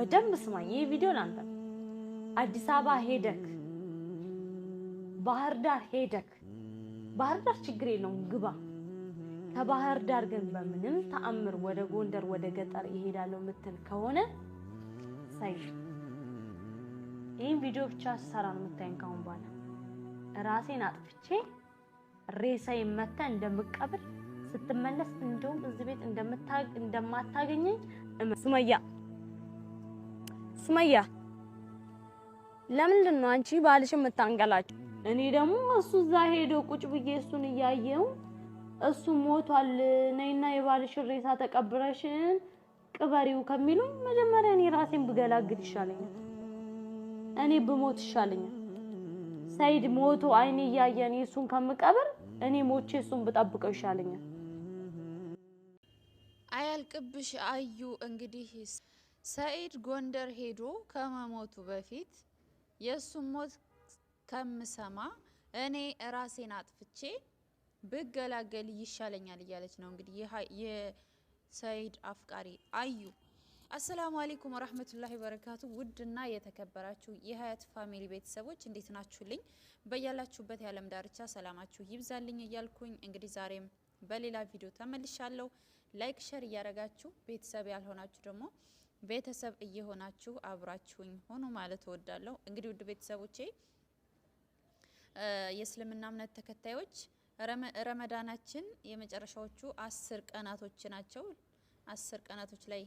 በደንብ ስማኝ። ይህ ቪዲዮ ለአንተ አዲስ አበባ ሄደክ፣ ባህር ዳር ሄደክ፣ ባህር ዳር ችግር የለውም ግባ። ከባህር ዳር ግን በምንም ተአምር ወደ ጎንደር ወደ ገጠር ይሄዳለሁ የምትል ከሆነ ሳይሽ ይህን ቪዲዮ ብቻ ሰራ ነው የምታይን። ካሁን በኋላ ራሴን አጥፍቼ ሬሳዬ መታ እንደምቀብር ስትመለስ እንደውም እዚህ ቤት እንደማታገኘኝ ስመያ ሱመያ ለምንድን ነው አንቺ ባልሽን የምታንገላችሁ? እኔ ደግሞ እሱ እዛ ሄዶ ቁጭ ብዬ እሱን እያየው እሱ ሞቷል፣ ነይና የባልሽ ሬሳ ተቀብረሽን ቅበሪው ከሚሉ መጀመሪያ እኔ ራሴን ብገላግል ይሻለኛል። እኔ ብሞት ይሻለኛል። ሰይድ ሞቶ አይኔ እያየ እኔ እሱን ከምቀብር እኔ ሞቼ እሱን ብጠብቀው ይሻለኛል። አያልቅብሽ አዩ እንግዲህ ሰኢድ ጎንደር ሄዶ ከመሞቱ በፊት የእሱን ሞት ከምሰማ እኔ ራሴን አጥፍቼ ብገላገል ይሻለኛል እያለች ነው እንግዲህ የሰኢድ አፍቃሪ አዩ። አሰላሙ አሌይኩም ወራህመቱላሂ በረካቱ። ውድና የተከበራችሁ የሀያት ፋሚሊ ቤተሰቦች እንዴት ናችሁልኝ? በያላችሁበት የዓለም ዳርቻ ሰላማችሁ ይብዛልኝ እያልኩኝ እንግዲህ ዛሬም በሌላ ቪዲዮ ተመልሻለሁ። ላይክ ሸር እያደረጋችሁ ቤተሰብ ያልሆናችሁ ደግሞ ቤተሰብ እየሆናችሁ አብራችሁኝ ሆኖ ማለት እወዳለሁ። እንግዲህ ውድ ቤተሰቦቼ የእስልምና እምነት ተከታዮች ረመዳናችን የመጨረሻዎቹ አስር ቀናቶች ናቸው። አስር ቀናቶች ላይ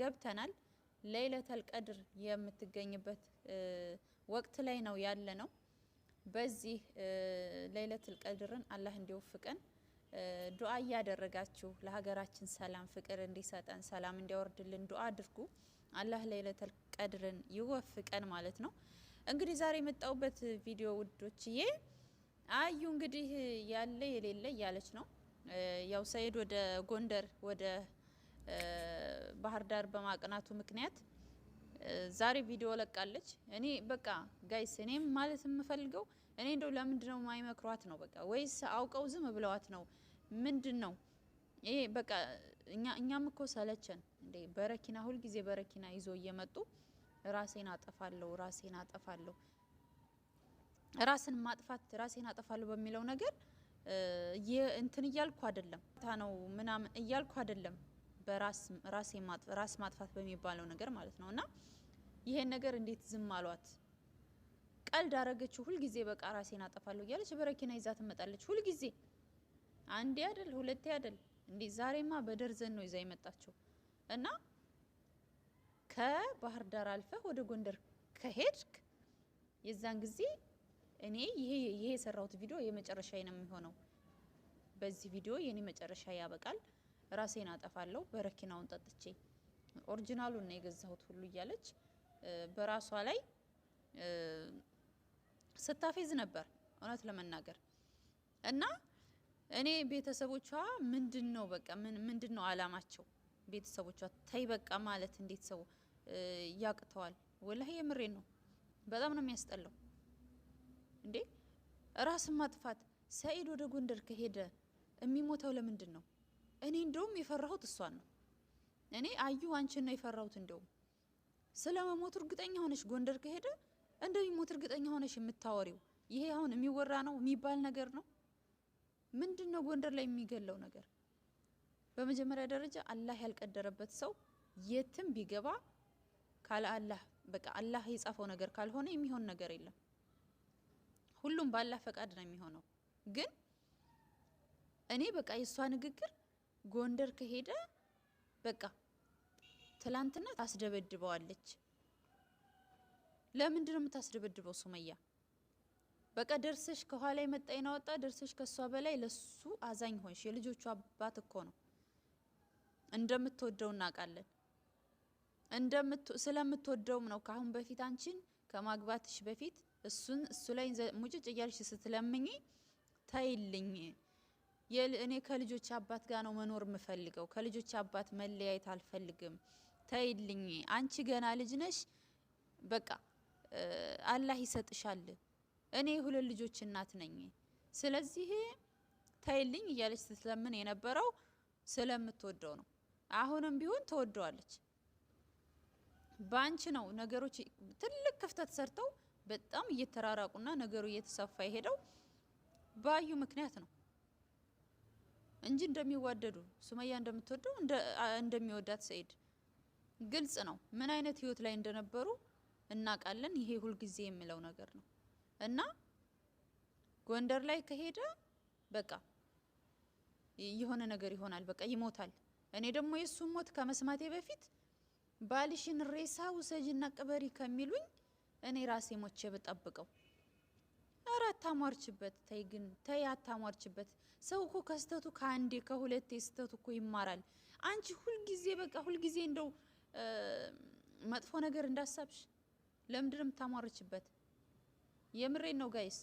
ገብተናል። ለይለተል ቀድር የምትገኝበት ወቅት ላይ ነው ያለ ነው። በዚህ ለይለተል ቀድርን አላህ እንዲወፍቀን ዱአ እያደረጋችሁ ለሀገራችን ሰላም ፍቅር እንዲሰጠን ሰላም እንዲያወርድልን ዱአ አድርጉ። አላህ ለይለተል ቀድርን ይወፍቀን ማለት ነው። እንግዲህ ዛሬ የመጣውበት ቪዲዮ ውዶችዬ አዩ እንግዲህ ያለ የሌለ እያለች ነው። ያው ሰይድ ወደ ጎንደር ወደ ባህር ዳር በማቅናቱ ምክንያት ዛሬ ቪዲዮ ለቃለች። እኔ በቃ ጋይስ እኔም ማለት የምፈልገው እኔ እንደው ለምንድነው ነው ማይመክሯት ነው በቃ? ወይስ አውቀው ዝም ብለዋት ነው? ምንድን ነው ይሄ? በቃ እኛ እኛም እኮ ሰለቸን እንዴ! በረኪና ሁልጊዜ በረኪና ይዞ እየመጡ ራሴን አጠፋለሁ፣ ራሴን አጠፋለሁ፣ ራስን ማጥፋት ራሴን አጠፋለሁ በሚለው ነገር እንትን እያልኩ አይደለም ታ ነው ምናምን እያልኩ አይደለም በራስ ማጥፋት በሚባለው ነገር ማለት ነው። እና ይሄን ነገር እንዴት ዝም አሏት? ቀልድ አረገችው። ሁልጊዜ በቃ ራሴን አጠፋለሁ እያለች በረኪና ይዛ ትመጣለች። ሁልጊዜ አንዴ ያደል ሁለቴ ያደል እንዴ፣ ዛሬማ በደርዘን ነው ይዛ የመጣችው። እና ከባህር ዳር አልፈህ ወደ ጎንደር ከሄድክ የዛን ጊዜ እኔ ይሄ ይሄ የሰራሁት ቪዲዮ የመጨረሻ ነው የሚሆነው። በዚህ ቪዲዮ የኔ መጨረሻ ያበቃል። ራሴን አጠፋለሁ በረኪናውን ጠጥቼ ኦሪጂናሉን ነው የገዛሁት ሁሉ እያለች በራሷ ላይ ስታፌዝ ነበር እውነት ለመናገር እና እኔ ቤተሰቦቿ ምንድን ነው በቃ ምንድን ነው አላማቸው? ቤተሰቦቿ ተይ በቃ ማለት እንዴት ሰው ያቅተዋል? ወላሂ የምሬ ነው። በጣም ነው የሚያስጠላው። እንዴ ራስን ማጥፋት። ሰኢድ ወደ ጎንደር ከሄደ የሚሞተው ለምንድን ነው? እኔ እንደውም የፈራሁት እሷን ነው። እኔ አዩ አንቺን ነው የፈራሁት። እንደውም ስለ መሞቱ እርግጠኛ ሆነች ጎንደር ከሄደ እንደሚሞት እርግጠኛ ሆነሽ የምታወሪው ይሄ አሁን የሚወራ ነው የሚባል ነገር ነው? ምንድን ነው ጎንደር ላይ የሚገለው ነገር? በመጀመሪያ ደረጃ አላህ ያልቀደረበት ሰው የትም ቢገባ ካለ አላህ በቃ አላህ የጻፈው ነገር ካልሆነ የሚሆን ነገር የለም። ሁሉም በአላህ ፈቃድ ነው የሚሆነው። ግን እኔ በቃ የእሷ ንግግር ጎንደር ከሄደ በቃ ትላንትና ታስደበድበዋለች ለምንድን ነው የምታስደበድበው ሱመያ? በቃ ደርሰሽ ከኋላ የመጣ ይናወጣ ደርሰሽ ከእሷ በላይ ለሱ አዛኝ ሆንሽ። የልጆቹ አባት እኮ ነው። እንደምትወደው እናውቃለን። ስለምትወደውም ነው ከአሁን በፊት አንቺን ከማግባትሽ በፊት እሱን እሱ ላይ ሙጭጭ እያልሽ ስትለምኝ ተይልኝ፣ እኔ ከልጆች አባት ጋር ነው መኖር የምፈልገው፣ ከልጆች አባት መለያየት አልፈልግም፣ ተይልኝ፣ አንቺ ገና ልጅ ነሽ፣ በቃ አላህ ይሰጥሻል። እኔ ሁለት ልጆች እናት ነኝ፣ ስለዚህ ታይልኝ እያለች ስትለምን የነበረው ስለምትወደው ነው። አሁንም ቢሆን ትወደዋለች። በአንቺ ነው ነገሮች ትልቅ ክፍተት ሰርተው በጣም እየተራራቁና ነገሩ እየተሰፋ የሄደው ባዩ ምክንያት ነው እንጂ እንደሚዋደዱ ሱመያ እንደምትወደው እንደሚወዳት ሰኢድ ግልጽ ነው። ምን አይነት ህይወት ላይ እንደነበሩ እናውቃለን። ይሄ ሁልጊዜ የምለው ነገር ነው እና ጎንደር ላይ ከሄደ በቃ የሆነ ነገር ይሆናል፣ በቃ ይሞታል። እኔ ደግሞ የሱ ሞት ከመስማቴ በፊት ባልሽን ሬሳ ውሰጅና ቅበሪ ከሚሉኝ እኔ ራሴ ሞቼ በጠብቀው። ኧረ አታሟርችበት፣ ተይ ግን ተይ፣ አታሟርችበት። ሰው እኮ ከስተቱ ከአንዴ ከሁለቴ ስተቱ እኮ ይማራል። አንቺ ሁልጊዜ በቃ ሁልጊዜ እንደው መጥፎ ነገር እንዳሳብሽ ለምንድን ነው የምታሟርችበት? የምሬን ነው ጋይስ።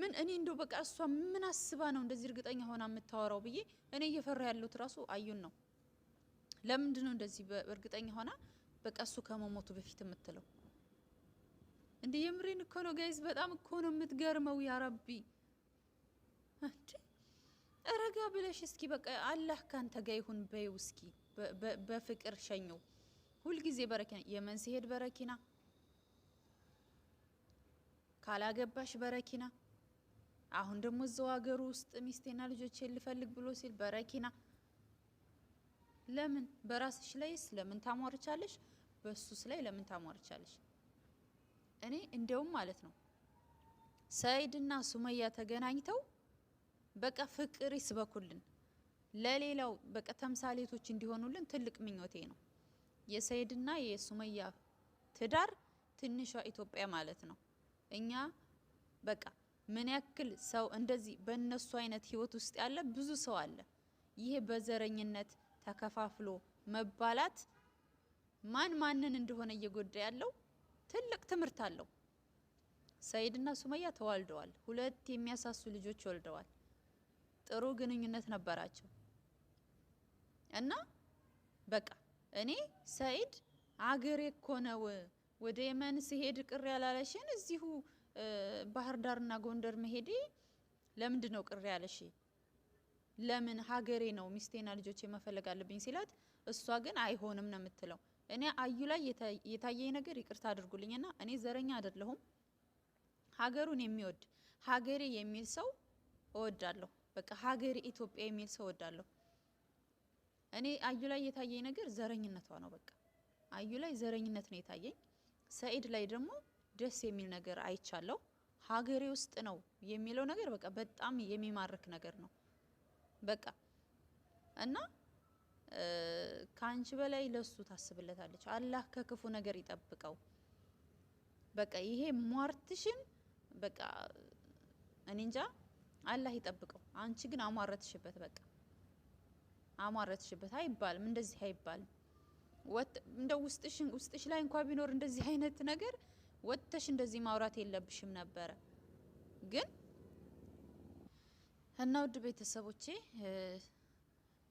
ምን እኔ እንደው በቃ እሷ ምን አስባ ነው እንደዚህ እርግጠኛ ሆና የምታወራው ብዬ እኔ እየፈራ ያለሁት ራሱ አዩን ነው። ለምንድን ነው እንደዚህ እርግጠኛ ሆና በቃ እሱ ከመሞቱ በፊት የምትለው? እንደ የምሬን እኮ ነው ጋይስ። በጣም እኮ ነው የምትገርመው። ያ ረቢ ረጋ ብለሽ እስኪ በቃ አላህ ካንተ ጋ ይሁን በይው እስኪ በፍቅር ሸኘው። ሁልጊዜ በረኪና የመንስሄድ በረኪና ካላገባሽ በረኪና አሁን ደግሞ እዛው ሀገሩ ውስጥ ሚስቴና ልጆች ልፈልግ ብሎ ሲል በረኪና ለምን በራስሽ ላይስ ለምን ታሟርቻለሽ? በሱስ ላይ ለምን ታሟርቻለሽ? እኔ እንደውም ማለት ነው ሰይድና ሱመያ ተገናኝተው በቃ ፍቅር ይስበኩልን፣ ለሌላው በቃ ተምሳሌቶች እንዲሆኑልን ትልቅ ምኞቴ ነው። የሰይድና የሱመያ ትዳር ትንሿ ኢትዮጵያ ማለት ነው። እኛ በቃ ምን ያክል ሰው እንደዚህ በእነሱ አይነት ህይወት ውስጥ ያለ ብዙ ሰው አለ። ይሄ በዘረኝነት ተከፋፍሎ መባላት ማን ማንን እንደሆነ እየጎዳ ያለው ትልቅ ትምህርት አለው። ሰይድና ሱመያ ተዋልደዋል። ሁለት የሚያሳሱ ልጆች ወልደዋል። ጥሩ ግንኙነት ነበራቸው እና በቃ እኔ ሰይድ አገሬ እኮ ነው ወደ የመን ስሄድ ቅር ያላለሽን እዚሁ ባህር ዳርና ጎንደር መሄዴ ለምንድን ነው ቅር ያለሽ? ለምን ሀገሬ ነው ሚስቴና ልጆች መፈለግ አለብኝ ሲላት፣ እሷ ግን አይሆንም ነው የምትለው። እኔ አዩ ላይ የታየኝ ነገር ይቅርታ አድርጉልኝና እኔ ዘረኛ አይደለሁም። ሀገሩን የሚወድ ሀገሬ የሚል ሰው እወዳለሁ። በቃ ሀገሬ ኢትዮጵያ የሚል ሰው እወዳለሁ። እኔ አዩ ላይ የታየኝ ነገር ዘረኝነቷ ነው። በቃ አዩ ላይ ዘረኝነት ነው የታየኝ። ሰኢድ ላይ ደግሞ ደስ የሚል ነገር አይቻለሁ። ሀገሬ ውስጥ ነው የሚለው ነገር በቃ በጣም የሚማርክ ነገር ነው። በቃ እና ከአንቺ በላይ ለሱ ታስብለታለች። አላህ ከክፉ ነገር ይጠብቀው። በቃ ይሄ ሟርትሽን በቃ እኔ እንጃ አላህ ይጠብቀው። አንቺ ግን አሟረትሽበት፣ በቃ አሟረትሽበት። አይባልም እንደዚህ አይባልም። እንደ ውስጥሽ ላይ እንኳ ቢኖር እንደዚህ አይነት ነገር ወጥተሽ እንደዚህ ማውራት የለብሽም ነበረ ግን እና ውድ ቤተሰቦቼ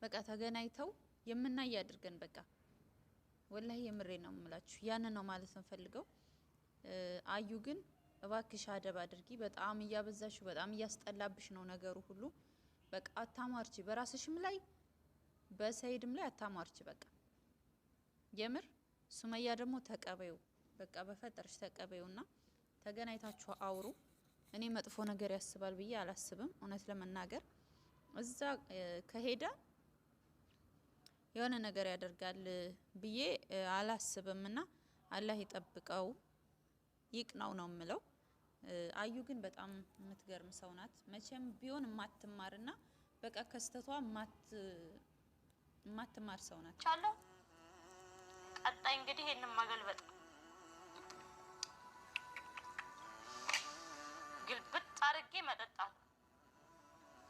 በቃ ተገናኝተው የምናይ ያድርገን። በቃ ወላሂ የምሬ ነው የምላችሁ፣ ያን ነው ማለት ነው ፈልገው። አዩ ግን እባክሽ አደብ አድርጊ፣ በጣም እያበዛሽው፣ በጣም እያስጠላብሽ ነው ነገሩ ሁሉ። በቃ አታማርቺ፣ በራስሽም ላይ በሰይድም ላይ አታማርቺ በቃ የምር ሱመያ ደግሞ ተቀበዩ፣ በቃ በፈጠርሽ ተቀበዩና ተገናኝታችሁ አውሩ። እኔ መጥፎ ነገር ያስባል ብዬ አላስብም። እውነት ለመናገር እዛ ከሄደ የሆነ ነገር ያደርጋል ብዬ ና አላህ ይጠብቀው ይቅናው ነው የምለው። አዩ ግን በጣም የምትገርም ሰው ናት። መቼም ቢሆን የማትማርና በቃ ከስተቷ ማትማር ሰው ናት። ቀጣይ እንግዲህ ይህንን ማገልበጥ ግልብጥ አድርጌ መጠጣት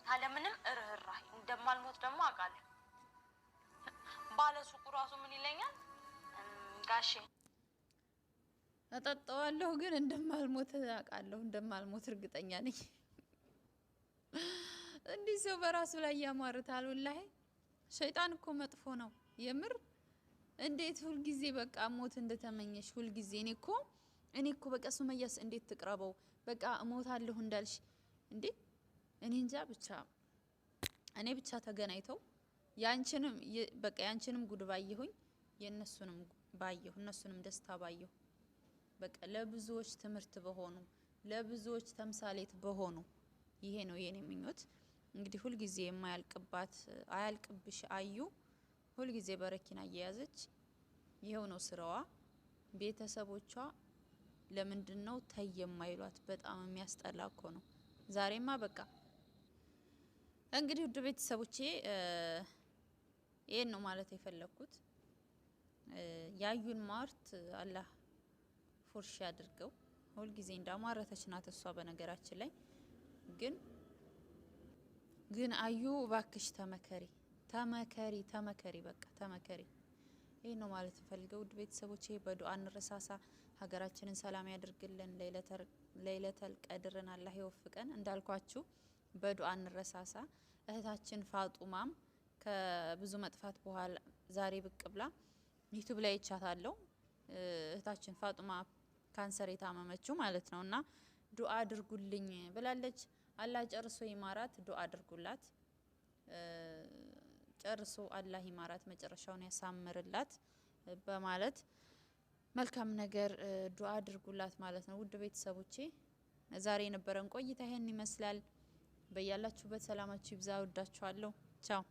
ካለምንም እርህራሄ እንደማልሞት ደግሞ አውቃለሁ። ባለሱቁ ራሱ ምን ይለኛል ጋሼ እጠጣዋለሁ፣ ግን እንደማልሞት አውቃለሁ። እንደማልሞት እርግጠኛ ነኝ። እንዲህ ሰው በራሱ ላይ ያማርታል ወላሂ ሸይጣን እኮ መጥፎ ነው የምር እንዴት ሁልጊዜ በቃ ሞት እንደተመኘሽ ሁልጊዜ። እኔ እኮ እኔ እኮ በቃ ሱመያስ እንዴት ትቅረበው? በቃ እሞታለሁ እንዳልሽ እንዴ! እኔ እንጃ ብቻ እኔ ብቻ ተገናኝተው ያንቺንም በቃ ያንቺንም ጉድ ባየሁኝ የእነሱንም ባየሁ እነሱንም ደስታ ባየሁ በቃ ለብዙዎች ትምህርት በሆኑ ለብዙዎች ተምሳሌት በሆኑ ይሄ ነው የኔ ምኞት። እንግዲህ ሁልጊዜ የማያልቅባት አያልቅብሽ አዩ ሁልጊዜ በረኪና እየያዘች ይኸው ነው ስራዋ። ቤተሰቦቿ ለምንድን ነው ተይ የማይሏት? በጣም የሚያስጠላ እኮ ነው። ዛሬማ በቃ እንግዲህ ውድ ቤተሰቦቼ ይህን ነው ማለት የፈለግኩት። ያዩን ማርት አላህ ፉርሽ አድርገው። ሁልጊዜ እንዳማረተች ናት እሷ። በነገራችን ላይ ግን ግን አዩ እባክሽ ተመከሪ ተመከሪ ተመከሪ በቃ ተመከሪ። ይህ ነው ማለት ፈልገው። ውድ ቤተሰቦቼ በዱአ እንረሳሳ። ሀገራችንን ሰላም ያድርግልን። ለይለተል ቀድርን አላህ ይወፍቀን። እንዳልኳችሁ በዱአ እንረሳሳ። እህታችን ፋጡማም ከብዙ መጥፋት በኋላ ዛሬ ብቅ ብላ ዩቱብ ላይ ይቻታለው። እህታችን ፋጡማ ካንሰር የታመመችው ማለት ነው እና ዱአ አድርጉልኝ ብላለች። አላህ ጨርሶ ይማራት። ዱአ አድርጉላት። ጨርሶ አላህ ይማራት፣ መጨረሻውን ያሳምርላት በማለት መልካም ነገር ዱአ አድርጉላት ማለት ነው። ውድ ቤተሰቦቼ ዛሬ የነበረን ቆይታ ይሄን ይመስላል። በያላችሁበት ሰላማችሁ ይብዛ። ወዳችኋለሁ። ቻው